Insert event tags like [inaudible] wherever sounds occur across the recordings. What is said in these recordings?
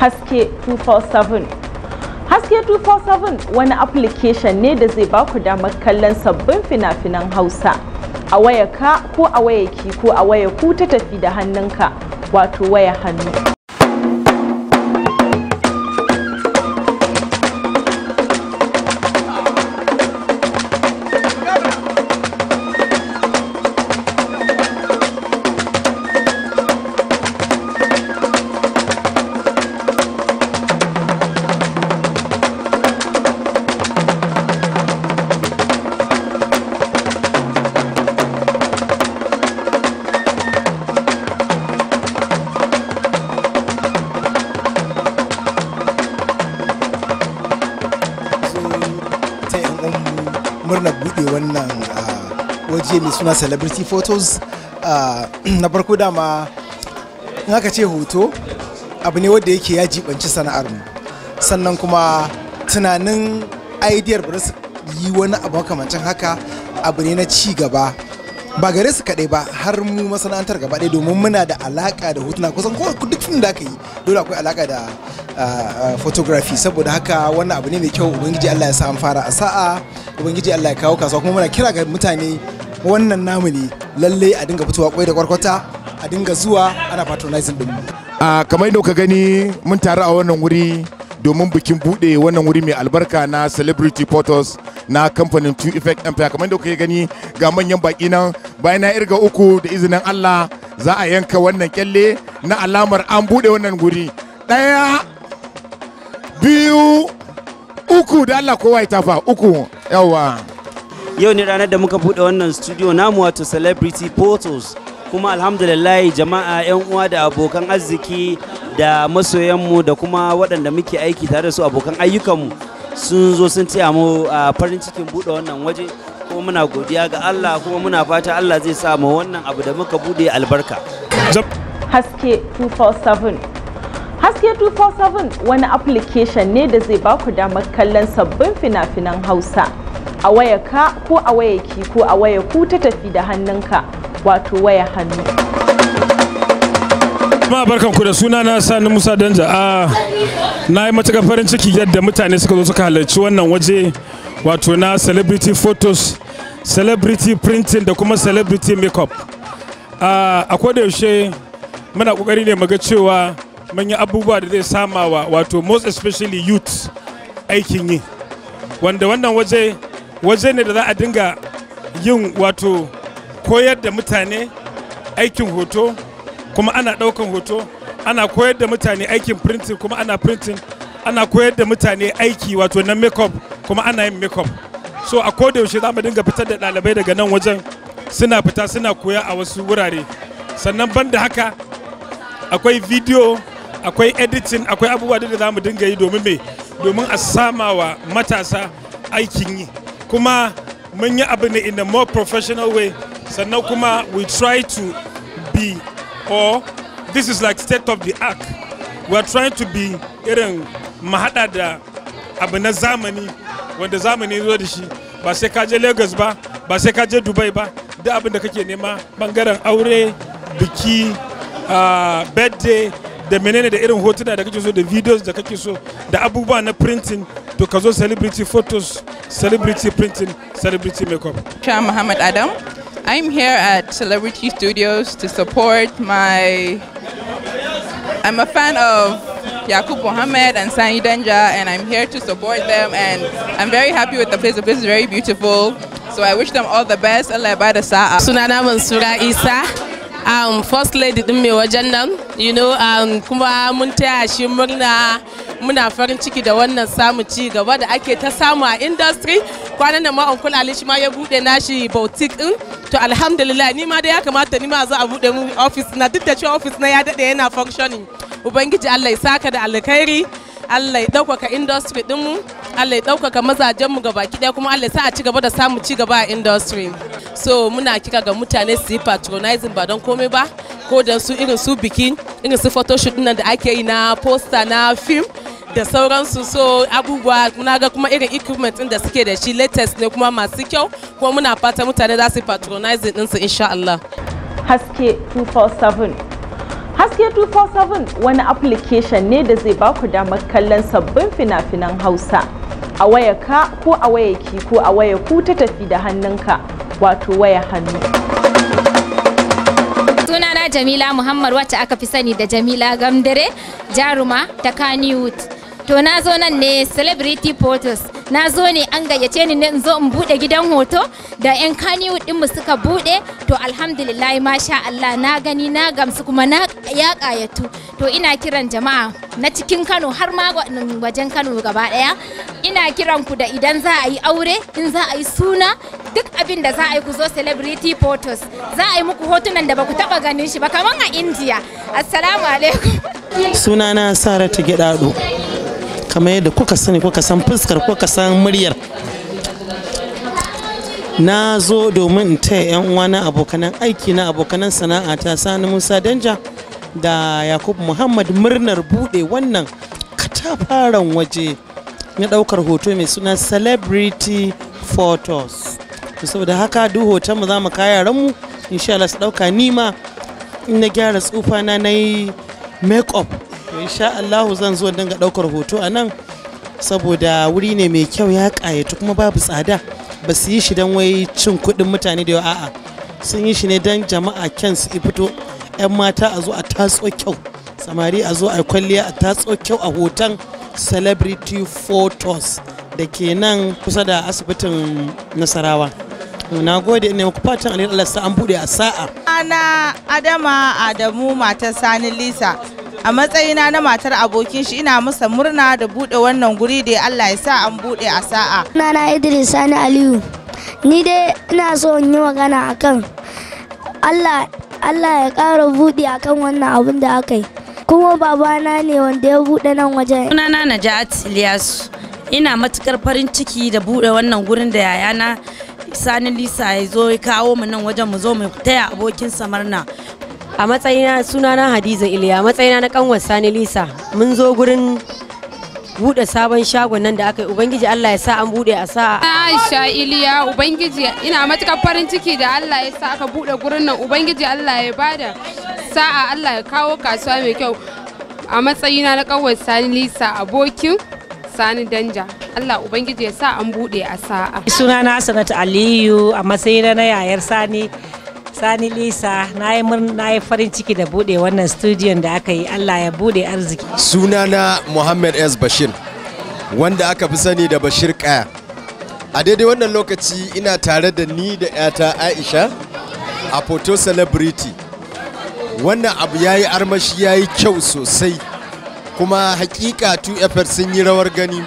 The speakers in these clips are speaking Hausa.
haske 247 haske 247 wani application ne da zai baku damar kallon sabbin fina-finan hausa a waya ka ko a waya ki ko a waya ku ta tafi da hannunka wato waya hannu ce mai suna celebrity photos ah, [clears throat] na farko dama in aka ce hoto abu ne wanda yake ya jibanci sana'ar mu sannan kuma tunanin idiyar ba su yi wani abu makamancin haka abu ne na ci gaba ba gare su kaɗai ba har mu masana'antar gaba ɗaya domin muna da alaka da hotuna kusan ko duk fim da aka yi dole akwai alaka da ah, ah, photography saboda haka wannan abu ne mai kyau ubangiji Allah ya sa an fara a sa'a ubangiji Allah ya kawo kasuwa kuma muna kira ga mutane wannan namu ne lalle a dinga fitowa kwai da kwarkwata a dinga zuwa ana patronizing din a kamar yadda ka gani mun taru a wannan wuri domin bikin bude wannan wuri mai albarka na celebrity photos na kamfanin two effect empire kamar yadda kuke gani ga manyan baki nan bayan na irga uku da izinin Allah za a yanka wannan kyalle na alamar an bude wannan guri daya biyu uku da Allah kowa ya tafa uku yawa yau ne ranar da muka buɗe wannan studio namu wato celebrity photos kuma alhamdulillah jama'a 'yan uwa da abokan arziki da masoyanmu da kuma waɗanda muke aiki tare da su abokan ayyukanmu sun zo sun taya mu a farin cikin buɗe wannan waje kuma muna godiya ga Allah kuma muna fata Allah zai sa mu wannan abu da muka buɗe albarka. Haske 247 Haske 247 wani application ne da zai baku damar kallon sabbin fina-finan Hausa. a wayarka ko a wayarki ko a waya ku ta tafi da hannunka wato waya hannu jama'a ku da suna na sani musa danja a ah, na yi matuƙar farin ciki yadda mutane suka zo suka halarci wannan waje wato na celebrity photos celebrity printing da kuma celebrity makeup ah, a da yaushe muna kokari ne muga cewa mun yi abubuwa da zai sama wa wato most especially youth aikin yi wanda wannan waje waje ne da za a dinga yin wato koyar da mutane aikin hoto kuma ana ɗaukan hoto ana koyar da mutane aikin printing kuma ana printing ana koyar da mutane aiki wato na makeup kuma ana yin makeup so a koda yaushe za mu dinga fitar da ɗalibai daga nan wajen suna fita suna koya a wasu wurare sannan banda haka akwai video akwai editing akwai abubuwa da za mu dinga yi domin me domin a samawa matasa aikin yi kuma mun yi abu ne in a more professional way sannan kuma we try to be or this is like state of the art we are trying to be irin mahaɗa da abu na zamani wanda zamani zo da shi ba sai ka je lagos ba ba sai ka je dubai ba da abin da kake nema bangaren aure biki birthday da menene da irin hotuna da kake so da videos da kake so da abubuwa na printing of celebrity photos, celebrity printing, celebrity makeup. I'm Muhammad Adam. I'm here at Celebrity Studios to support my. I'm a fan of Yakub Mohammed and Sani Denja, and I'm here to support them. And I'm very happy with the place. The place is very beautiful. So I wish them all the best. Allah by the sa'a. Sunana Mansura Isa. um, first lady din me you know um, kuma mun taya shi murna muna farin ciki da wannan samun ci gaba da ake ta samu a industry kwanan da ma onkul ali shi ma ya bude nashi boutique din to alhamdulillah ni ma da ya kamata ni ma za a bude mu office na duk da cewa office na ya dade yana functioning ubangiji Allah ya saka da alkhairi Allah ya ɗaukaka industry ɗinmu Allah ya ɗaukaka mazajenmu mu baki ɗaya kuma Allah ya sa a ci gaba da samu ci gaba a industry so muna kira ga mutane su yi patronizing ba don komai ba ko da su irin su bikin irin su photoshoot nan da ake yi na poster na film da sauransu so abubuwa muna ga kuma irin equipment ɗin da suke da shi latest ne kuma masu kyau kuma muna fata mutane za su patronizing ɗinsu insha Allah. Haske 247 Haske 247 wani application ne da zai ba ku damar kallon sabbin fina-finan Hausa a wayarka ko a wayarki ko a wayar ku ta tafi da hannunka wato waya hannu. sunana Jamila Muhammad wacce aka fi sani da Jamila Gamdare, jaruma ta Kannywood. to na zo nan ne celebrity photos na zo ne an gayyace ni ne in zo in bude gidan hoto da yan din mu suka bude to alhamdulillah masha Allah na gani na gamsu kuma na ya kayatu to ina kiran jama'a na cikin Kano har ma wajen Kano gaba daya ina kiran ku da idan za a yi aure in za a yi suna duk abin da za a yi ku zo celebrity photos za a yi muku hotunan da ba ku taba ganin shi ba kaman a India assalamu alaikum sunana Saratu Tigedado kamar yadda kuka sani kuka san fuskar kuka san muryar na zo domin in taya 'yan uwana abokanan aiki na abokanan sana'a ta sani musa danja da yakubu muhammad murnar bude wannan katafaren waje na daukar hoto mai suna celebrity photos saboda haka duk hoton mu za mu kaya ranmu insha Allah su dauka nima in na gyara tsufa na na yi make up insha Allahu zan zo dinga ɗaukar hoto a nan saboda wuri ne mai kyau ya kayatu kuma babu tsada ba su yi shi don wai cin kuɗin mutane da yawa a'a sun yi shi ne don jama'a kyan su fito 'yan mata a zo a tatso kyau samari a zo a kwalliya a tatso kyau a hoton celebrity photos da ke nan kusa da asibitin nasarawa na gode ne muku fatan alheri Allah sa an bude a sa'a ana adama adamu matar sani lisa a matsayina na matar abokin shi ina masa murna da buɗe wannan guri da Allah ya sa an buɗe a sa'a na Idris Sani Aliyu ni dai ina so in yi magana akan Allah Allah ya ƙara buɗe akan wannan abin da aka yi kuma babana ne wanda ya buɗe nan wajen sunana Najat Ilyasu ina matukar farin ciki da buɗe wannan gurin da yayana Sani Lisa ya zo ya kawo mu nan wajen mu zo mu taya abokin samarna a matsayina sunana hadiza iliya matsayina na kanwar sani lisa mun zo gurin bude sabon shagon nan da aka yi ubangiji allah ya sa an bude a sa'a aisha iliya ubangiji ina matukar farin ciki da allah ya sa aka bude gurin nan ubangiji allah ya bada sa'a allah ya kawo kasuwa mai kyau a matsayina na kanwar sani lisa abokin sani danja Allah Ubangiji ya sa an buɗe a sa'a. Sunana sanata Aliyu a matsayina na yayar Sani Sani Lisa na yi farin ciki da bude wannan studion da aka yi Allah ya bude arziki. Suna na Muhammad S. Bashir wanda aka fi sani da Bashir Kaya. A daidai wannan lokaci ina tare da ni da 'yata Aisha a Photo Celebrity. Wannan abu ya yi armashi ya yi kyau sosai kuma hakika 2 f sun yi rawar gani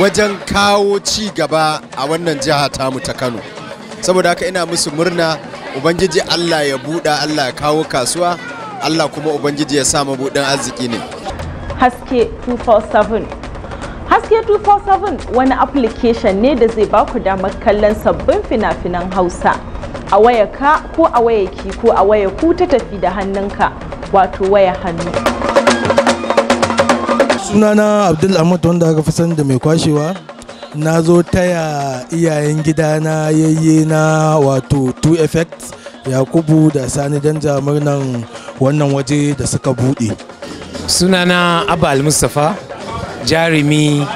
wajen kawo ci gaba a wannan jiha tamu ta Kano. saboda haka ina musu murna ubangiji allah ya buɗa allah ya kawo kasuwa allah kuma ubangiji ya sa mabuɗin arziki ne haske 247 haske 247 wani application ne da zai baku damar kallon sabbin fina-finan hausa a waya ka ko a wayaki ko a waya ku ta tafi da hannunka wato waya hannu sunana abdul ahmad wanda aka fi sani da mai kwashewa na zo taya iyayen gidana yayye na wato two effects yakubu da sani danja murnan wannan waje da suka buɗe sunana abal mustapha jarumi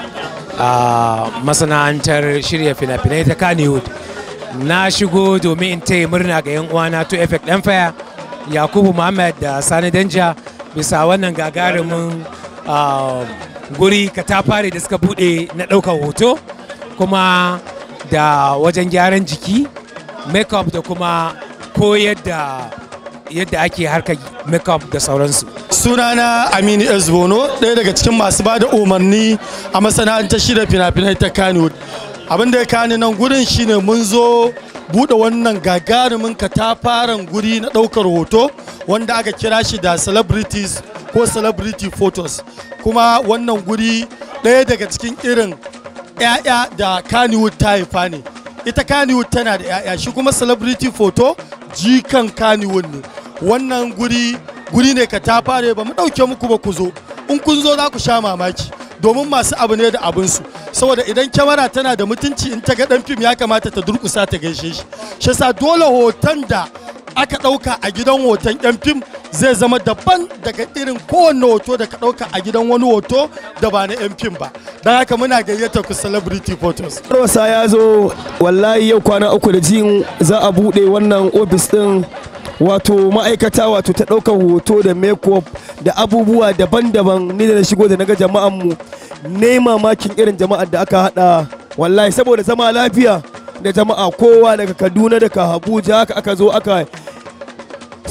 a masana'antar shirya fina-finai ta kanewood na shigo domin in taya murna ga yan uwana to effect dan faya yakubu muhammad da sani danja bisa wannan gagarumin ah, guri katafare da suka bude na daukar hoto kuma da wajen gyaran jiki makeup da kuma koyar da yadda ake harkar makeup da sauransu sunana aminu ezbono ɗaya daga cikin masu ba da umarni a masana'antar shida fina-finai ta kano abin ya kani nan gurin shine mun zo buɗe wannan gagarumin katafaren guri na ɗaukar hoto wanda aka kira shi da celebrities ko celebrity photos kuma wannan guri ɗaya daga cikin irin 'ya'ya da kaniwood ta haifa ne ita kaniwood tana da 'ya'ya shi kuma celebrity photo jikan kaniwood ne wannan guri guri ne ka ta fare ba mu ɗauke muku ba ku zo in kun zo za ku sha mamaki domin masu abu ne da abinsu saboda idan kyamara tana da mutunci in ta ga dan fim ya kamata ta durkusa ta gaishe shi shi sa dole hoton da aka ɗauka a gidan hoton yan fim zai zama daban daga irin kowane hoto da ka ɗauka a gidan wani hoto da ba na 'yan ba don haka muna gayyata ku celebrity photos rosa ya zo wallahi yau kwana uku da jin za a buɗe wannan ofis ɗin wato ma'aikata wato ta ɗaukar hoto da makeup da abubuwa daban-daban ni da na shigo da naga jama'an mu ne mamakin irin jama'ar da aka haɗa wallahi saboda zama lafiya da jama'a kowa daga kaduna daga abuja haka aka zo aka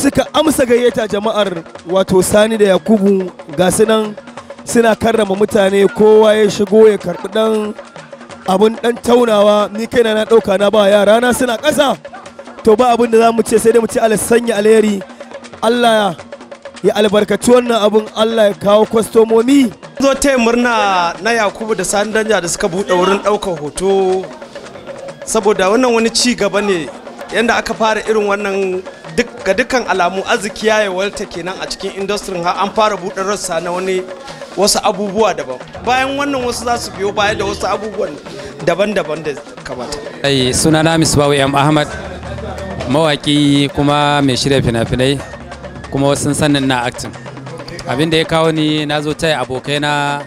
suka amsa gayyata jama'ar wato sani da yakubu ga nan suna karrama mutane kowa ya shigo ya karɓi ɗan abin ɗan taunawa ni kaina na ɗauka na ba yara na suna kasa to ba abin da za mu ce sai dai mu ce ala sanya alheri allah ya albarkaci wannan abin allah ya kawo kwastomomi zo ta murna na yakubu da sani danja da suka buɗe wurin ɗaukar hoto saboda wannan wani ci gaba ne yadda aka fara irin wannan ga dukkan alamu arziki ya yawalta kenan a cikin industry har an fara buɗe rassa na wani wasu abubuwa daban bayan wannan wasu za su biyo baya da wasu abubuwan daban-daban da kamata. Ai suna na Misbahu yam Ahmad mawaki kuma mai shirya fina-finai kuma wasu sanin na actin abin da ya kawo ni na zo taya abokai na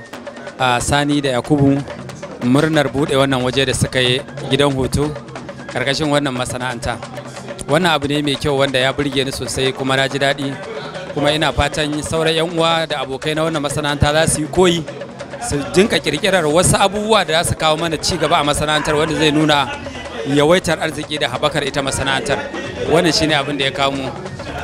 a Sani da Yakubu murnar buɗe wannan waje da suka yi gidan hoto karkashin wannan masana'anta. wannan abu ne mai kyau wanda ya burge ni sosai kuma na ji daɗi kuma ina fatan sauran 'yan uwa da abokai na wannan masana'anta za su yi koyi su dinka kirkirar wasu abubuwa da za su kawo mana ci gaba a masana'antar wanda zai nuna yawaitar arziki da habakar ita masana'antar wannan shine abin da ya kawo mu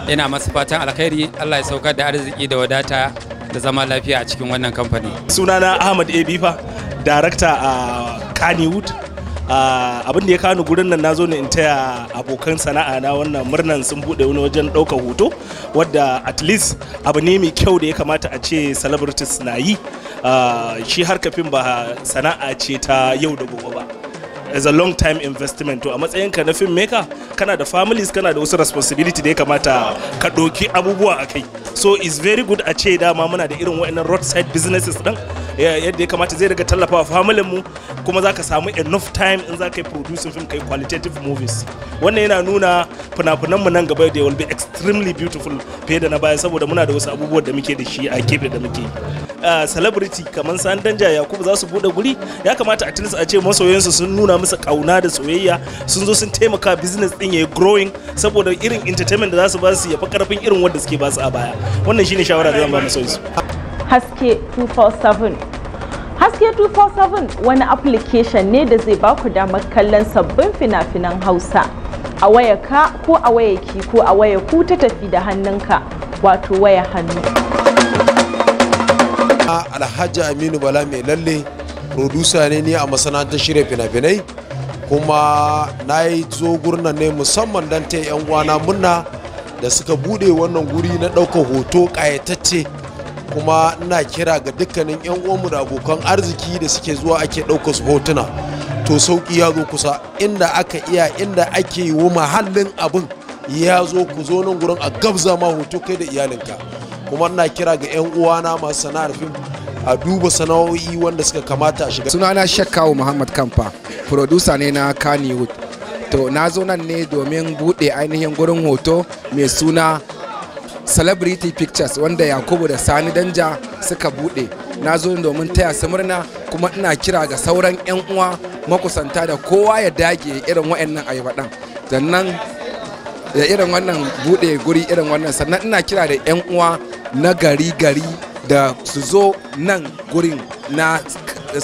ina masu fatan alkhairi Allah ya saukar da arziki da wadata da zama lafiya a cikin wannan kamfani sunana Ahmad Ebifa darakta a Kannywood Ah, abin da ya kawo gurin nan nazo ne in taya abokan sana'a na wannan murnan sun bude wani wajen ɗaukar hoto wadda at least abu ne mai kyau da ya kamata a ce celebrities na yi ah, shi har kafin ba sana'a ce ta yau da gobe ba as a long time investment to a ka na filmmaker kana da families kana da wasu responsibility da ya kamata ka ɗauki abubuwa a kai so it's very good a ce dama muna da irin waɗannan roadside businesses ɗin yadda ya kamata zai daga tallafawa familin mu kuma za ka samu enough time in za ka yi producing film kai yi qualitative movies wannan yana nuna fina-finan mu nan gaba da will be extremely beautiful fiye da na baya saboda muna da wasu abubuwan da muke da shi a gefe da muke celebrity kamar san danja yakubu za su bude guri ya kamata at least a ce masoyansu sun nuna musu kauna da soyayya sun zo sun taimaka business din yayi growing saboda irin entertainment da za su ba su ya fa karfin irin wanda suke ba su a baya wannan shine shawara da zan ba masoyansu haske 247 haske 247 wani application ne da zai baku damar kallon sabbin fina-finan hausa a waya ka ko a wayarki ko a waya ku ta tafi da hannunka wato waya hannu alhaji aminu bala mai lalle producer ne ni a masana'antar shirya fina-finai kuma na yi zo gurnan ne musamman don ta 'yan uwana murna da suka bude wannan guri na ɗaukar hoto ƙayatacce kuma na kira ga dukkanin 'yan uwanmu da abokan arziki da suke zuwa ake ɗauka su hotuna to sauƙi ya zo kusa inda aka iya inda ake yi wa mahallin abin ya zo ku zo nan gurin a gabza ma hoto kai da iyalinka kuma na kira ga 'yan uwana masu sana'ar fim a duba sana'o'i wanda suka kamata a shiga sunana shakkawu muhammad kamfa producer ne na kaniwood to na zo nan ne domin buɗe ainihin gurin hoto mai suna celebrity pictures wanda yakubu da sani danja suka bude na zo domin taya su murna kuma ina kira ga sauran 'yan uwa makusanta da kowa ya dage irin wa'annan ayyabaɗan sannan da irin wannan bude guri irin wannan sannan ina kira da 'yan uwa na gari gari da su zo nan gurin na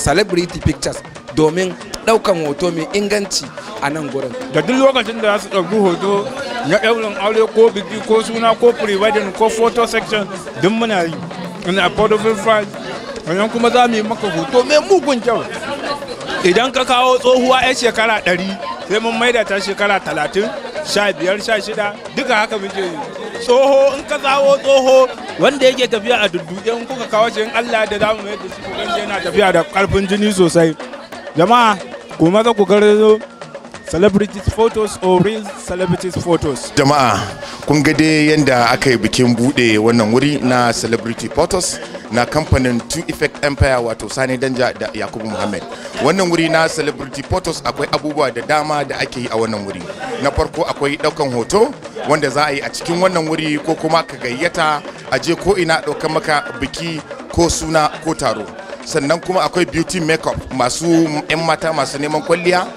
celebrity pictures domin ɗaukan hoto mai inganci a nan gurin da duk lokacin da za su ɗauki hoto na ɗaurin aure ko biki ko suna ko pre-wedding ko photo section duk muna yi na affordable price sannan kuma za mu yi maka hoto mai mugun kyau idan ka kawo tsohuwa 'yan shekara ɗari sai mun maida ta shekara talatin sha biyar sha shida duka haka muke yi tsoho in ka kawo tsoho wanda yake tafiya a dudduke in kuka kawo shi in Allah da za mu mai da shi yana tafiya da karfin jini sosai jama'a ku maza ku zo celebrities photos or real celebrities photos jama'a kun ga dai yanda aka yi bikin bude wannan wuri na celebrity photos na kamfanin two effect empire wato sani danja da yakubu muhammad wannan wuri na celebrity photos akwai abubuwa da dama da ake yi a wannan wuri na farko akwai daukan hoto wanda za a yi a cikin wannan wuri ko kuma ka gayyata a je ko ina daukan maka biki ko suna ko taro sannan kuma akwai beauty makeup masu 'yan mata masu neman kwalliya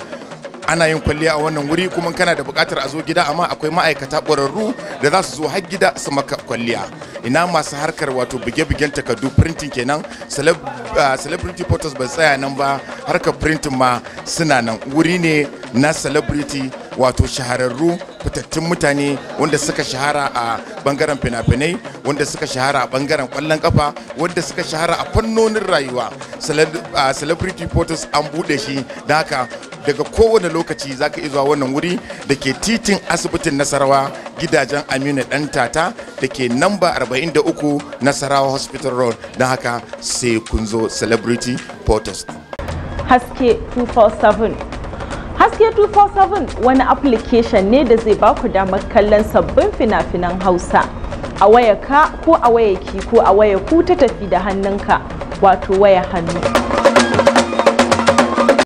ana yin kwalliya a wannan wuri kuma kana da bukatar a zo gida amma akwai ma'aikata ƙwararru da za su zo har gida su maka kwalliya ina masu harkar wato buge-bugen takardu printin kenan ah, celebrity photos ba tsaya nan ba harkar printin ma suna nan wuri ne na celebrity wato shahararru fitattun mutane wanda suka shahara a bangaren fina-finai wanda suka shahara a bangaren kwallon kafa wanda suka shahara a fannonin rayuwa ah, celebrity photos an bude shi da haka daga kowane lokaci za ka zuwa wannan wuri da ke titin asibitin nasarawa gidajen aminu dan tata da ke namba 43 nasarawa hospital road don haka sai kun zo celebrity protest haske 247 haske 247 wani application ne da zai baku damar kallon sabbin fina-finan hausa a wayarka ko a wayarki ko a wayarku ta tafi da hannunka wato waya hannu